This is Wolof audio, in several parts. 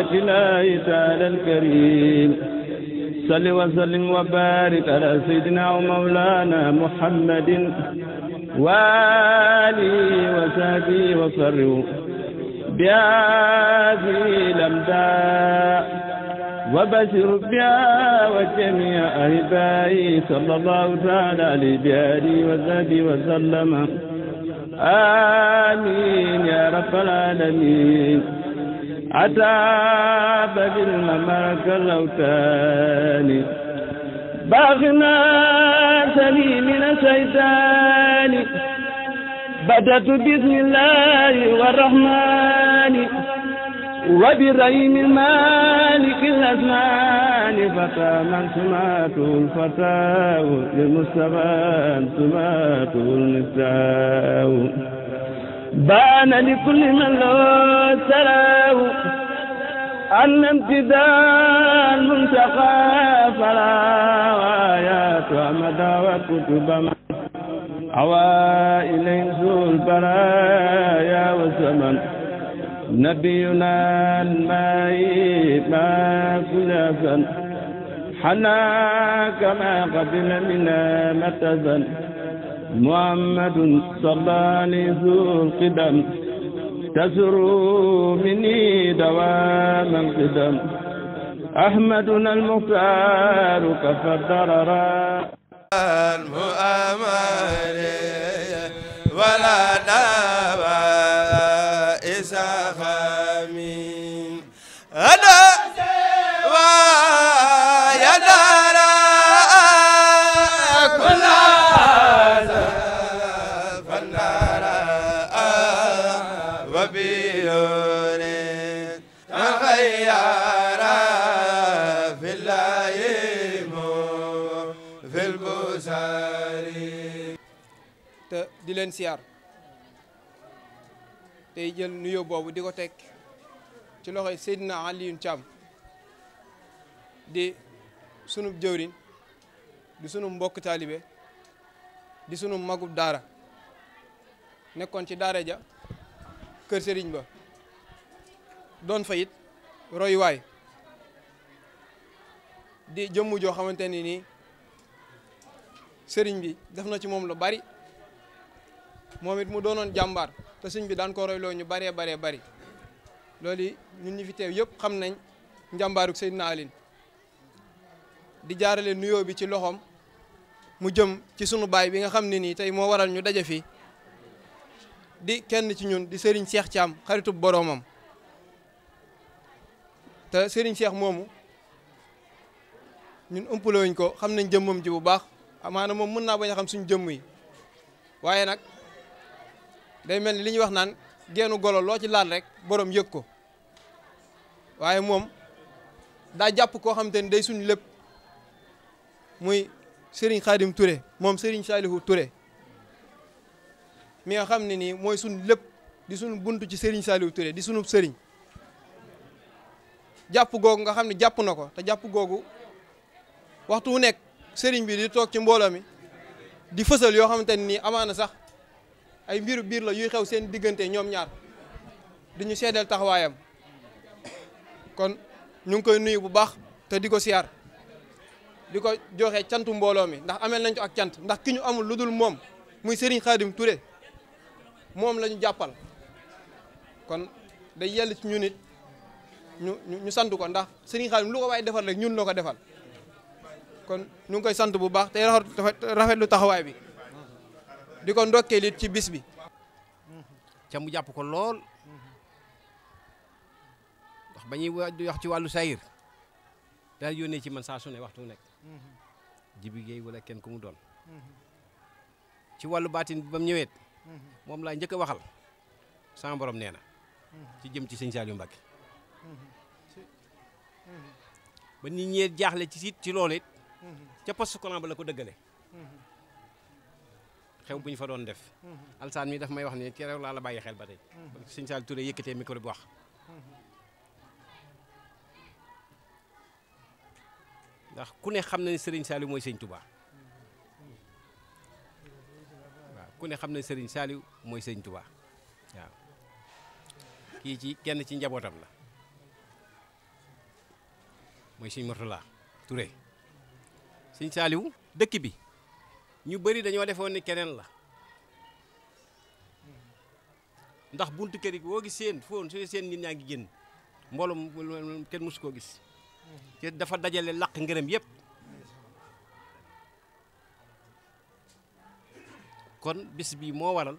رحمة الله تعالى الكريم صل وسلم وبارك على سيدنا ومولانا محمد وآله وصحبه وسلم بهذه الأمداء وبشر بها وجميع أحبائي صلى الله تعالى عليه بآله وصحبه وسلم آمين يا رب العالمين عتاب بالمملك الأوتان باغنا سلي من الشيطان بدأت بسم الله والرحمن وبريم المالك الأزمان فتى من سماته الفتاة للمصطفى سماته المفتاح بان لكل من لو تراه أن امتداد منتقى فلا وآيات ومدى وكتب ما أوى إليه ذو البرايا والزمن نبينا الماء ما كلفا حنا كما قبل منا متزن محمد صلى عليه القدم تسر مني دوام القدم أحمدنا المختار كفى الضرر المؤمن ولا leen siyaar tey jël nuyoo boobu di ko teg ci loxoy Seydina Aliyun Thiam di sunu jëwriñ di sunu mbokk taalibe di sunu magub daara nekkoon ci daara ja kër Serigne Ba doon fa it royuwaay di jëmm joo xamante ni nii Serigne bi def na ci moom lu bari moom it mu doonoon jàmbaar te sëñ bi daan ko royloo ñu baree baree bari looli ñun ñi fi teew yëpp xam nañ njàmbaaruk Seydina Alioune di jaarale nuyoo bi ci loxoom mu jëm ci sunu baay bi nga xam ne nii tey moo waral ñu daje fii di kenn ci ñun di Serigne Cheikh Thiam xaritub boroomam te sëriñ Cheikh moomu ñun ëmpalowuñ ko xam nañ jëmmam ji bu baax amaana moom mën naa bañ a xam suñu jëmm yi waaye nag day mel ni li ñuy wax naan geenu golo loo ci laal rek borom yëg ko waaye moom daa jàpp koo xam te ni day suñ lépp muy sëriñ Khadim Touré moom sëriñ Salihu Touré mi nga xam ne nii mooy suñ lépp di suñu bunt ci Serigne Salihu Touré di suñu sëriñ jàpp googu nga xam ne jàpp na ko te jàpp googu waxtu wu nekk Serigne bi di toog ci mbooloo mi di fësal yoo xamante ni nii amaana sax ay mbiru biir la yuy xew seen diggante ñoom ñaar di ñu seedeel taxawaayam kon ñu ngi koy nuyu bu baax te di ko siyaar di ko joxe cant mbooloo mi ndax amel nañ ko ak cant ndax ki ñu amul lu dul moom muy Serigne Khadim ture moom la ñu jàppal kon day yell ci ñu nit ñu ñu sant ko ndax sëriñ Khadim lu ko waaye defal rek ñun la ko defal kon ñu ngi koy sant bu baax te lu taxawaay bi. di ko ndokkeel ci bis bi ca mu jàpp ko lool ndax ba ñuy wax ci wàllu sayir daal yónnee ci man saa ne waxtu nekk jibi géey wala kenn ku mu doon ci wàllu baatin bi ba mu ñëweet moom laa njëkk a waxal sama borom nee na ci jëm ci sëñ Saliou Mbacké ba ni ñee jaaxle ci siit ci loolu it ca poste courant ba la ko dëggale xew bu ñu fa doon def mhm. alsaan mi daf may wax ne keroog laa la bàyyi xel ba tey mhm. sëñ Saliou Touré yëkkatee micro bi wax mhm. ndax ku ne xam na ne Serigne Saliou mooy sëñ Touba waaw ku ne xam na Serigne Saliou mooy sëñ Touba kii ci kenn ci njabootam la mooy sëñ Mourtala Touré sëñ Saliou dëkk bi ñu bari dañoo defoon ni keneen la ndax bunt kër yi boo gis seen foon seen nit ñaa ngi génn mboolum kenn mosu koo gis te dafa dajale laq ngërëm yépp kon bis bii moo waral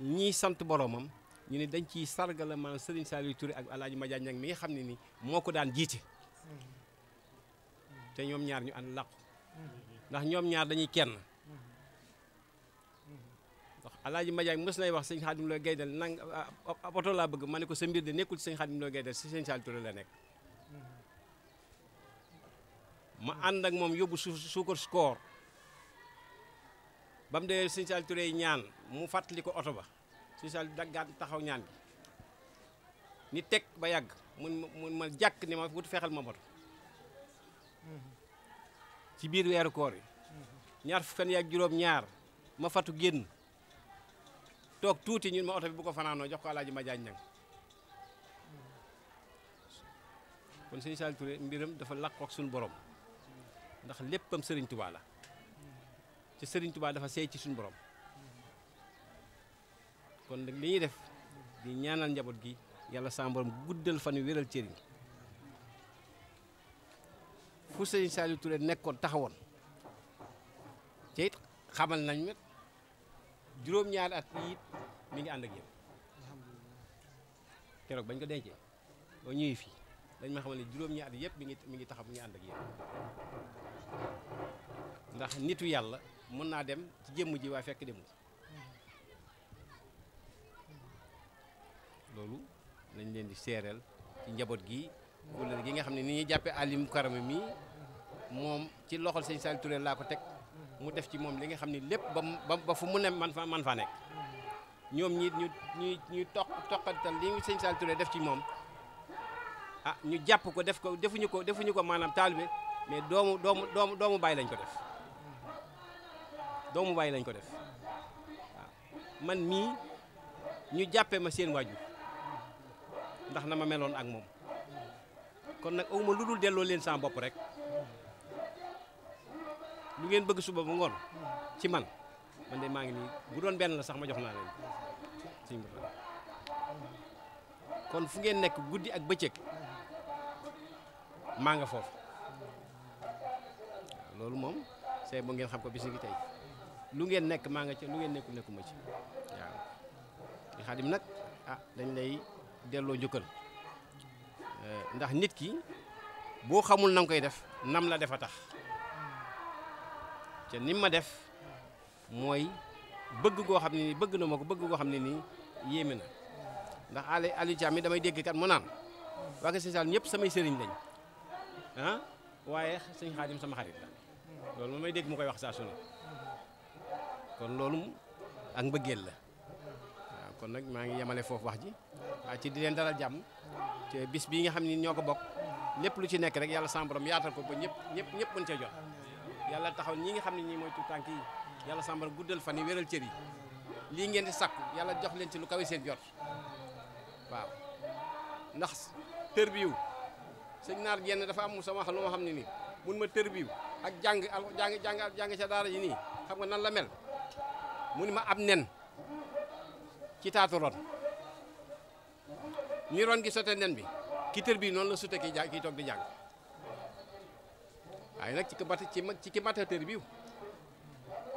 ñiy sant boromam ñu ne dañ ciy sargala man Serigne Saliou Touré ak El Hadj Madiagne Niang mi nga xam ne ni moo ko daan jiite mm-hmm. te ñoom ñaar ñu ànd làqu mm-hmm. ndax ñoom ñaar dañuy kenn ndax alaaji Madiagne mës nay wax sëñ Xaadim Lo Gaydel nang oto laa bëgg ma ne ko sa mbir de nekkul ci sëñ Xaadim Lo Gaydel si sëñ Saliou la nekk ma ànd ak moom yóbbu su suukar score ba mu demee sëñ Saliou Touré ñaan mu fàttali ko oto ba sëñ Saliou daggaat taxaw ñaan gi ni teg ba yàgg mun mun ma jàkk ni ma wut fexeel ma moto ci biir weeru koor yi ñaar fukkan yaak juróom ñaar ma fatu génn toog tuuti ñun ma oto bi bu ko fanaanoo jox ko alaaji ma jaañ nang kon sëñ Saliou Touré mbiram dafa làqoog suñu borom ndax léppam sëriñ tubaa la sëriñ tubaa dafa sey ci suñu borom kon nag li ñuy def di ñaanal njaboot gi yàlla sa borom guddal fan yu wéral cëriñ fu sëñ Saliou Touré nekkoon taxawoon te xamal nañ met juróom-ñaari at yi it ngi ànd ak yéen keroog bañ ko dencee ba ñëwee fii dañ ma xamal ne juróom-ñaari at yëpp mi ngi mi ngi taxaw mi ngi ànd ak yéen ndax nitu yàlla mën naa dem ci jëmm ji waaye fekk demul mm-hmm. loolu lañ leen di seereel ci njaboot gi wala gi nga xam ne ni ñuy jàppee alim karame mii moom ci loxol sëñ Saliou Touré laa ko teg mu def ci moom li nga xam ne lépp ba ba fu mu ne man fa man faa nekk ñoom ñi ñu ñu ñu toq toqatal li sëñ Saliou Touré def ci moom ah ñu jàpp ko def ko defuñu ko defuñu ko maanaam taalibe mais doomu doomu doomu doomu bàyyi lañ ko def doomu bàyyi lañ ko def man mii ñu jàppee ma seen waajur ndax na ma meloon ak moom kon nag awuma lu dul delloo leen sama bopp rek lu ngeen bëgg suba ba ngoon ci man man de maa ngi bu doon benn la sax ma jox naa leen sëñ bi kon fu ngeen nekk guddi ak bëccëg maa nga foofu loolu moom c'est bu ngeen xam ko bis ngi tey lu ngeen nekk maa nga ci lu ngeen nekkul nekkuma ci waaw xaadim nag a ah, dañ lay delloo njukkal Euh, ndax nit ki boo xamul na koy def nam la def a tax te nim ma def mooy bëgg goo xam ne nii bëgg na ma ko bëgg goo xam ne nii yéeme na ndax ali Aliou Thiam mi damay dégg kat mu naan waa Sénégal ñëpp samay sëriñ lañ ah waaye sëñ Xaadim sama xarit la loolu moom may dégg mu koy wax saa su ne kon loolu ak mbëggeel la kon nag maa ngi yemale foofu wax ji waaye ci di leen dalal jàmm te bis bii nga xam ni ñoo ko bokk lépp lu ci nekk rek yàlla sama yaatal ko ba ñëpp ñëpp ñëpp mën cee jot yàlla taxaw ñi nga xam ne ñii mooy tuut tànk yi yàlla sama borom guddal fan yi wéral cër yi lii ngeen di sakku yàlla jox leen ci lu kawe seen jot waaw ndax tër biiw sëñ naar jenn dafa am sama wax lu ma xam ne nii mun ma tër biiw ak jàng al jàng jàng jàng ca daara yi nii xam nga nan la mel ma am nen ci taatu ron ni ron gi sote nen bi ki tër bi noonu la sute ki ja ki toog jàng waaye nag ci ki mat ci ki mata tër biw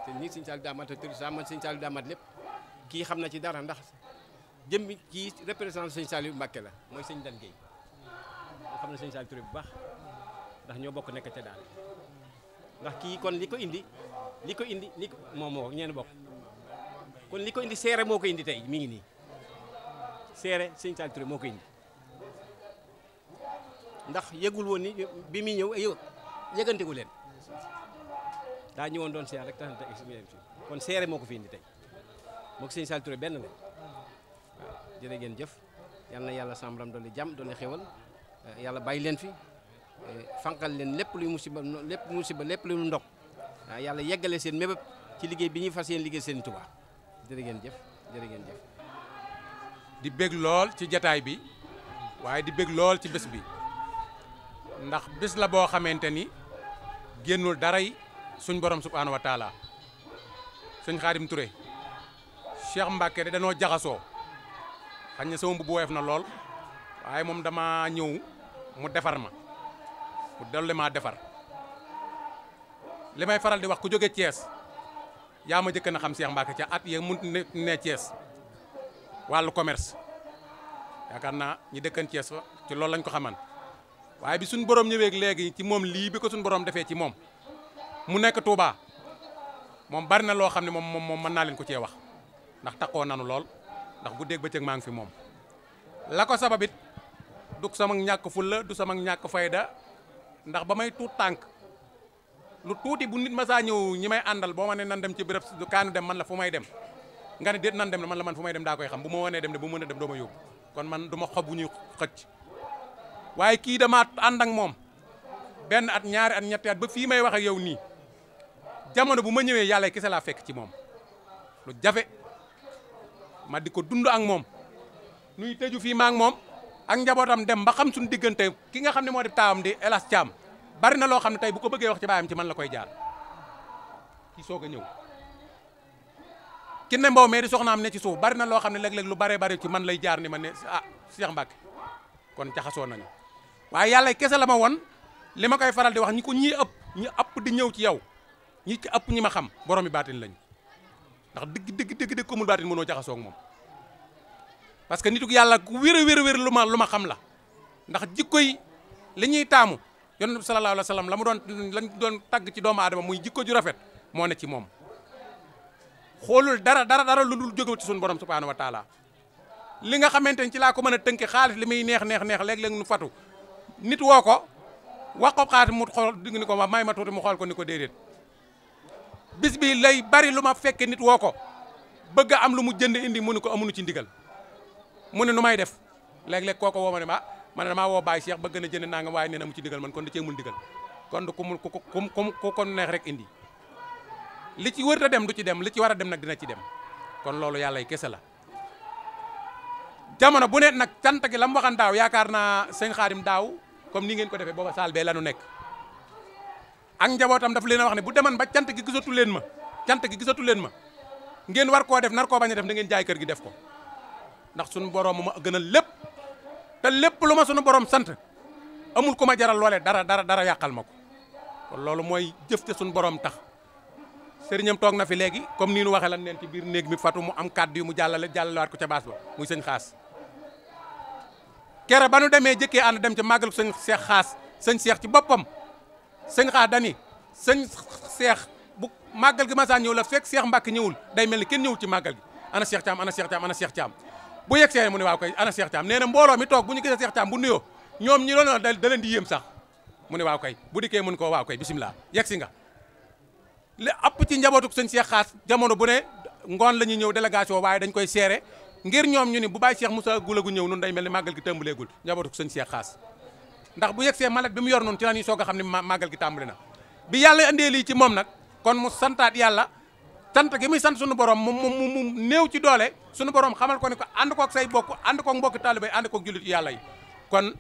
te nii Sëñ Saaliw daa mata tër sa man Sëñ Saaliw daa mat lépp kii xam na ci dara ndax jëm bi kii représentant Sëñ Saaliw Mbàkke la mooy sëñ Dan Gueye moo xam ne Sëñ Saaliw Touré bu baax ndax ñoo bokk nekk ca daal ndax kii kon li ko indi li ko indi li ko moom moo ñeen bokk kon li ko indi seere moo ko indi tey mi ngi nii seere sëñ Saliou moo ko indi ndax yëgul woon ni bi muy ñëw yëgante leen daa ñëwoon doon seer rek taxante kon seere moo ko fi indi tey moo ko sëñ Saliou benn la waaw jërë ngeen jëf yal na yàlla sàmbaram doon li jàmm doon li xewal eh, yàlla bàyyi leen fi eh, fanqal leen lépp luy musiba lépp musiba lépp luy ndox waaw yàlla yeggale seen mébéb ci liggéey bi ñuy fas yéen liggéey seen Tuubaa jërë ngeen jëf jërë ngeen jëf. di bég lool ci jataay bi waaye di bég lool ci bés bi ndax bés la boo xamante ni génnul daray suñ borom subhaanahu wa taala suñ mu ture Cheikh Mbacke de danoo jaxasoo xañ na sama mbubb na lool waaye moom dama ñëw mu defar ma mu dolli maa defar li may faral di wax ku jóge Thiès. yaa ma njëkk na xam Cheikh Mbacke ca at ya mu ne Thiès wàllu commerce yaakaar naa ñi dëkkan Thiès fa ci loolu lañ ko xaman waaye bi suñu borom ñëwee léegi ci moom lii bi ko suñu borom defee ci moom mu nekk Touba moom bari na loo xam ne moom moom mën naa leen ko cee wax ndax taxoo nanu lool ndax guddeeg bëccëg maa ngi fi moom. la ko sababit du sama ñàkk fulla du sama ñàkk fayda ndax ba may tuut tànk lu tuuti bu nit masaa ñëw ñi may àndal boo ma nan dem ci béréb kaanu dem man la fu may dem nga ne déet nan dem la man la man fu may dem daa koy xam bu ma wanee dem ne bu a dem doo ma yóbbu kon man du ma xob bu ñuy xëcc waaye kii dama ànd ak moom benn at ñaari at ñetti at ba fii may wax ak yow nii jamono bu ma ñëwee yàlla kese laa fekk ci moom lu jafe ma di ko dund ak moom nuy tëju fii ma moom ak njabootam dem ba xam suñu diggante ki nga xam ne moo di taawam di Elas bari na loo xam ne tey bu ko bëggee wax ci baayam ci man la koy jaar ki soog a ñëw ki ne mbow mee di am ne ci suuf bari na loo xam ne léeg-léeg lu bare bari ci man lay jaar ni ma ne a ah Cheikh Mbacke kon jaxasoo nañu waaye yàlla kese la ma won li ma koy faral di wax ñi ko ñii ëpp ñi ëpp di ñëw ci yow ñi ci ëpp ñi ma xam boromi baatin lañ ndax dëgg dëgg dëgg dëgg ko mul baatin mënoo jaxasoo ak moom parce que nituk yàlla ku wér a wér wér lu ma lu ma xam la ndax jikko yi li ñuy taamu yonent bi sallallahu alayhi la mu doon lañ doon tagg ci doomu aadama muy jikko ju rafet moo ne ci moom xoolul dara dara dara lu dul jóge ci suñu borom subhaanahu wa li nga xamante ni ci laa ko mën a tënke xaalis li muy neex neex neex léeg-léeg nu fatu nit woo ko wax ko xaalis mu xool digg ni ko ma may ma tuuti mu xool ko ni ko déedéet bis bi lay bari lu ma fekke nit woo ko bëgg am lu mu jënd indi mu ne ko amuñu ci ndigal mu ne nu may def léeg-léeg kooko woo ma ne ma man damaa woo Baye Cheikh ba gën a jënd nangam waaye nee na mu ci digal man kon da cee mul digal kon ku mu ku ku ku neex rek indi li ci wër a dem du ci dem li ci war a dem nag dina ci dem kon loolu yàlla yi kese la. jamono bu ne nag cant gi la mu waxan daaw yaakaar naa sëñ xaarim daaw comme ni ngeen ko defee booba saal bee la nu nekk ak njabootam daf leen a wax ne bu deman ba cant gi gisatu leen ma cant gi gisatu leen ma ngeen war koo def nar koo bañ a def da ngeen jaay kër gi def ko ndax suñu borom ma gën a lépp. te lépp lu ma sunu borom sant amul ko ma jaral loole dara dara dara yàqal ma ko kon loolu mooy jëf te sunu borom tax sëriñam toog na fi léegi comme nii nu waxee lan neen ci biir néeg mi fatu mu am kàddu yu mu jàllale jàllalewaat ko ca baas ba muy sëñ xaas kere ba nu demee jëkkee ànd dem ci màggal sëñ seex xaas sëñ seex ci boppam sëñ xaas dani sëñ seex bu màggal gi masaan ñëw a fekk seex mbàkk ñëwul day mel ni kenn ñëwul ci màggal gi ana seex caam ana seex caam ana seex caam bu yegsee mu ne waaw koy ana Cheikh Thiam nee na mbooloo mi toog bu ñu gisee Cheikh Thiam bu nuyoo ñoom ñi doon da leen di yéem sax mu ne waaw koy bu dikkee mun ko waaw koy bisimilah yegsi nga li app ci njabootu sëñ Cheikh Xaas jamono bu ne ngoon la ñuy ñëw délégation waaye dañ koy seere ngir ñoom ñu ni bu bàyyi Cheikh Moussa gulagu ñëw nun day mel ni màggal gi tàmbaleegul njabootu sëñ Cheikh Xaas ndax bu yegsee malat bi mu yor noonu ci la ñuy soog a xam ne màggal gi tàmbale na bi yàlla moom nag kon yàlla sant gi muy sant sunu borom mu mu mu néew ci doole sunu borom xamal ko ni ko ànd kook say bokk ànd kook mbokki taaliba yi ànd kook jullit yàlla yi kon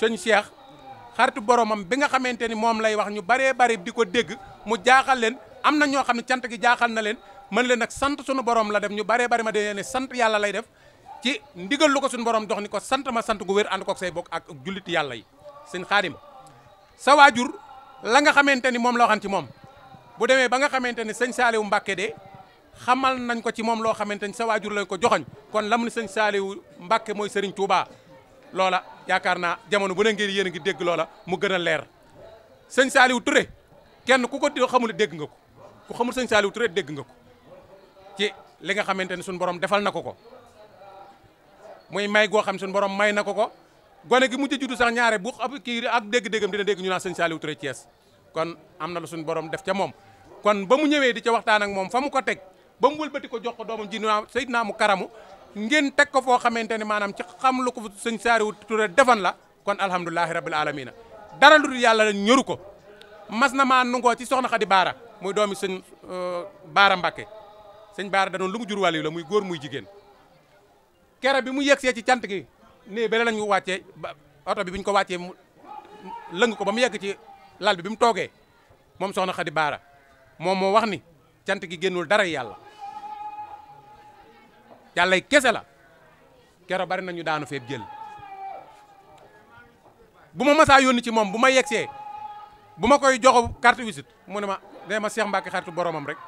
sëñ Cheikh bi nga xamante ni moom lay wax ñu baree bari di ko dégg mu jaaxal leen am na ñoo xam ne cant gi jaaxal na leen mën leen nag sant sunu borom la def ñu baree bari ma dee sant yàlla lay def ci ndigal lu ko sunu borom dox ni ko sant ma sant gu wér ànd say bokk ak jullit yàlla yi sëñ Xaadim sa waajur la nga xamante ni moom la waxan ci moom bu demee ba nga xamante ne sëñ Saaliwu Mbàkke de xamal nañ ko ci moom loo xamante ni sa waajur lañ ko joxoñ kon lamu ni sëñ Saaliwu Mbàkke mooy sëriñ Touba loola yaakaar naa jamono bu ne ngeen yéen ngi dégg loola mu gën a leer sëñ Saaliwu ture kenn ku ko xamul dégg nga ko ku xamul sëñ Saaliwu Touré dégg nga ko ci li nga xamante ne suñu borom defal na ko ko muy may goo xam suñu borom may na ko ko gone gi mujj juddu sax ñaare bu ab kii ak dégg-déggam dina dégg ñu naan sëñ Saaliwu Touré Thiès kon am na la suñu borom def ca moom kon ba mu ñëwee di ca waxtaan ak moom fa mu ko teg ba mu wëlbati ko jox ko doomam ji Seydina mu karamu ngeen teg ko foo xamante ne maanaam ci xam lu ko sëñ wu Ture defoon la kon alhamdulilahi rabbil alamina dara lu dul yàlla ñoru ko mas na maa nungoo ci soxna Xadi Baara muy doomi sëñ euh, Baara Mbàkke sëñ Baara da lu mu jur wàll yi la muy góor muy jigéen kere bi mu yegsee ci cant gi ne bele lañu wàccee oto bi buñ ko wàccee mu lëng ko ba mu yegg ci lal bi bi mu toogee moom soxna Xadi Baara moom moo wax ni cant gi génnul dara yàlla yàlla kese la kero bari nañu daanu feeb jël bu ma masaa yónni ci moom bu ma yegsee bu ma koy joxo carte visite mu ne ma day ma Seex Mbàkke xaritu boromam rek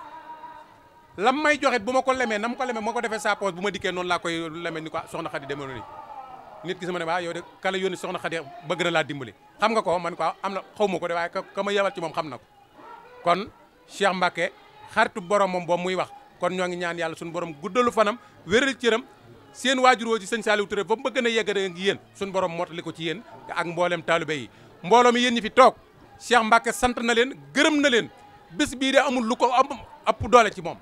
lam may joxit bu ma ko lemee na mu ko lemee ma ko defee sa poos bu ma dikkee noonu laa koy leme ni ko soxna Xadi demoon nii nit ki sama ne waaw ah, yow de kala yónni soxna Xadi bëgg na laa dimbali xam nga ko man ko am na xaw ma ko de waaye ka ma yebal ci moom xam na ko kon Cheikh mbake xaritu borom moom boobu muy wax kon ñoo ngi ñaan yàlla suñu borom guddalu fanam wéral cëram seen waajur woo ci sëñ Saliou Touré ba mu bëgg na yeggale ak yéen suñu borom mottali ko ci yéen ak mboolem taalibe yi mbooloo mi yéen ñi fi toog Cheikh Mbacke sant na leen gërëm na leen bis bii de amul lu ko am ëpp doole ci moom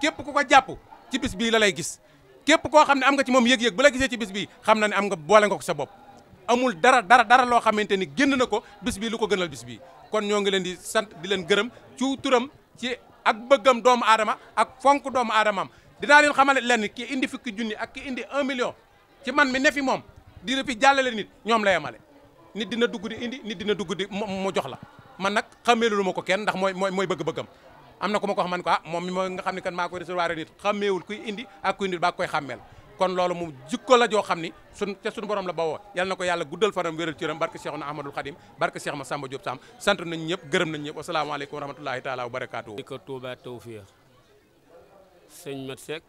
képp ku ko jàpp ci bii la lay gis képp koo xam ne am nga ci moom yëg bu la gisee ci bis bi xam na ne am nga boole nga ko sa amul dara dara dara loo xamante ni génn na ko bis bi lu ko gënal bis bi kon ñoo ngi leen di sant di leen gërëm ci turam ci ak bëggam doomu aadama ak fonk doomu aadamam dinaa leen xamal leen ki indi fukki junni ak ki indi un million ci man mi ne fi moom di la fi jàllale nit ñoom la yemale nit dina dugg di indi nit dina dugg di mu jox la man nag xameelu lu ko kenn ndax mooy mooy mooy bëgg-bëggam am na ku ma ko wax man ko ah moom mi mooy nga xam ne kan maa koy recevoir nit xàmmeewul kuy indi ak kuy indi baa koy xàmmeel kon loolu mu jikko la joo xam ni sun ca suñu borom la bawoo yal na ko yàlla guddal fanam wéral cëram barke Cheikhuna Ahmadul Khadim barke Cheikh Massamba Diop Sam sant nañ ñëpp gërëm nañ ñëpp asalaamaaleykum wa rahmatulahi taala wa barakaatu di ko Touba Tawfiq sëñ Mat Seck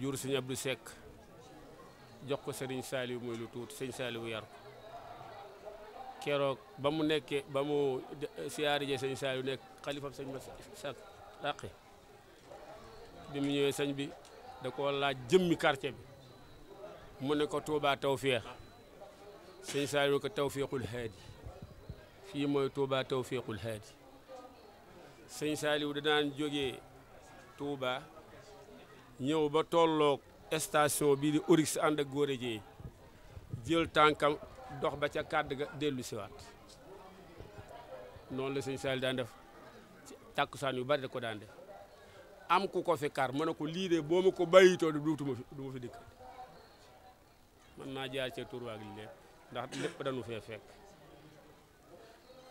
jur sëñ Abdou Seck jox ko sëriñ Saliou muy lu tuut sëñ Saliou yar ko keroog ba mu nekkee ba mu eh, siyaarije sëñ Saliou nekk sëñ Mat Seck dàqi bi mu ñëwee sëñ bi da ko laaj jëmmi quartier bi mu ne ko Touba Tawféex sëñ Saliou ko Tawféexul Haadi fii mooy Touba Tawféexul Haadi sëñ da danaan jóge Touba ñëw ba tollook station bi di Orix ànd ak góor a jël tànkam dox ba ca kàdd ga dellu siwaat noonu la sëñ Saliou daan def tàkkusaan yu bari da ko daan de am ku ko fi kar ma ne ko lii de boo ma ko bàyyitoo duutuma fi du ma fi dikk man naa jaar ca tur waag li ndax lépp dañu fee fekk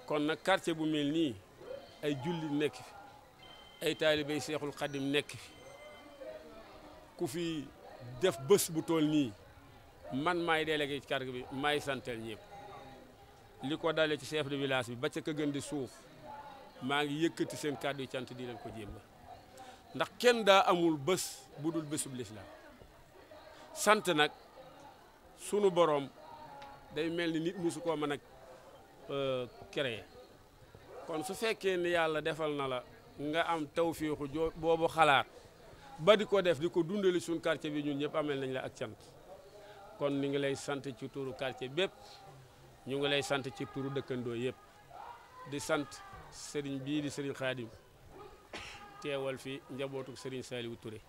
kon nag quartier bu mel nii ay jullit nekk ay ay taalibey seexul xadim nekk fi ku fi def bës bu tool nii man maay délégué ci quartier bi maay santeel ñëpp li ko dalee ci chef de village bi ba cek ka gën di suuf maa ngi yëkkati seen kàddu cant di leen ko jéem ndax kenn daa amul bés bu dul bésub lislaam sant nag sunu boroom day mel ni nit musu koo nag a euh, créer kon su fekkee ni yàlla defal na la nga am tawféexu joo boobu xalaat ba di ko def di ko dundali suñu quartier bi ñun ñëpp amel nañ la ak cant kon ñu ngi lay sant ci tuuru karce bépp ñu ngi lay sant ci turu dëkkandoo yëpp di sant sëriñ bii di sëriñ xaadim teewal fi njabootu sëriñ Saliou ture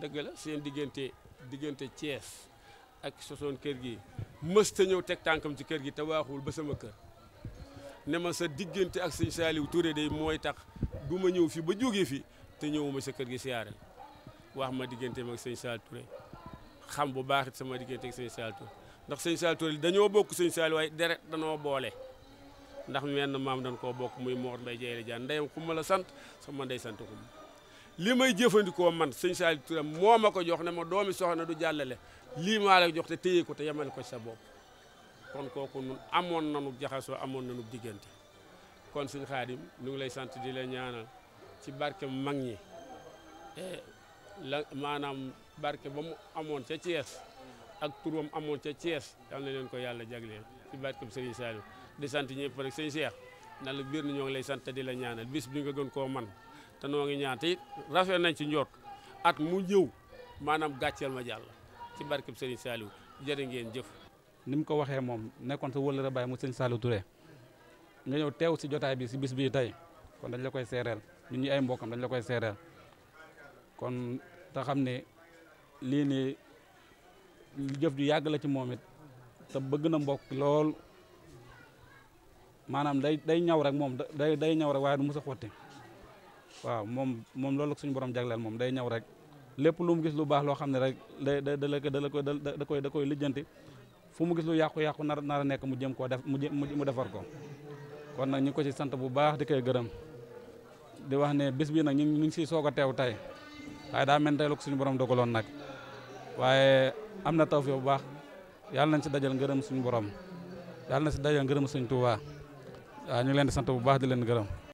dëgg seen diggante diggante Thiès ak sosoon kër gi mësta ñëw teg tànkam ci kër gi te waaxul ba sama kër ne ma sa diggante ak sëriñ Saliou ture day mooy tax du ma ñëw fi ba jógee fi te ñëwuma sa kër gi siyaare wax ma diggante ak sëriñ Saliou Touré xam bu baax sama diggante ak sëriñ Saliou ndax sëñ Saliou Touré dañoo bokk sëriñ Saliou waaye deret dañoo boole ndax wenn maam dañ koo bokk muy Mor Mbaye Dieye Diagne ndeyam xuma la sant sama ndey sant xuma li may jëfandikoo man sëñ Saliou moo ma ko jox ne ma doomi soxna du jàllale lii maa la jox te téye ko te yemale ko sa bopp kooku nun amoon nanu jaxasoo amoon nanu diggante kon sëñ Xaadim lay sant di la ñaanal ci barke mu mag ñi e la maanaam barke ba mu amoon ca Thiès ak turam amoon ca Thiès yal la leen ko yàlla jagleel ci barke Serigne Saliou di sant ñëpp rek sëñ Cheikh na la biir na ñoo ngi lay sant di la ñaanal bis bi nga gën koo man te noo ngi ñaan te it rafet nañ ci njoot at mu ñëw maanaam gàcceel ma jàll ci barkeb sëñ Saliou jërë ngeen jëf. ni ko waxee moom nekkoon sa wëllëra baay mu seen Saliou ture nga ñëw teew si jotaay bi si bis bii tey kon dañ la koy seereel ñun ñu ay mbokkam dañ la koy seereel kon te xam ne lii nii jëf ju yàgg la ci moom it te bëgg na mbokk lool. maanaam day day ñaw rek moom day day ñaw rek waaye du mës a waaw moom moom loolu suñu borom jagleel moom day ñaw rek lépp lu mu gis lu baax loo xam ne rek day da da da koy da koy da koy lijjanti fu mu gis lu yàqu-yàqu nar nar a nekk mu jëm koo def mu defar ko kon nag ñi ko ci sant bu baax di koy gërëm di wax ne bis bii nag ñu ngi si soog a teew tey waaye daa mel tey la ko suñu borom dogaloon nag waaye am na taw fi bu baax yàlla nañ si dajal ngërëm suñu borom yàlla nañ si dajal ngërëm suñ Tuubaa waaw ñu leen di sant bu baax di leen gërëm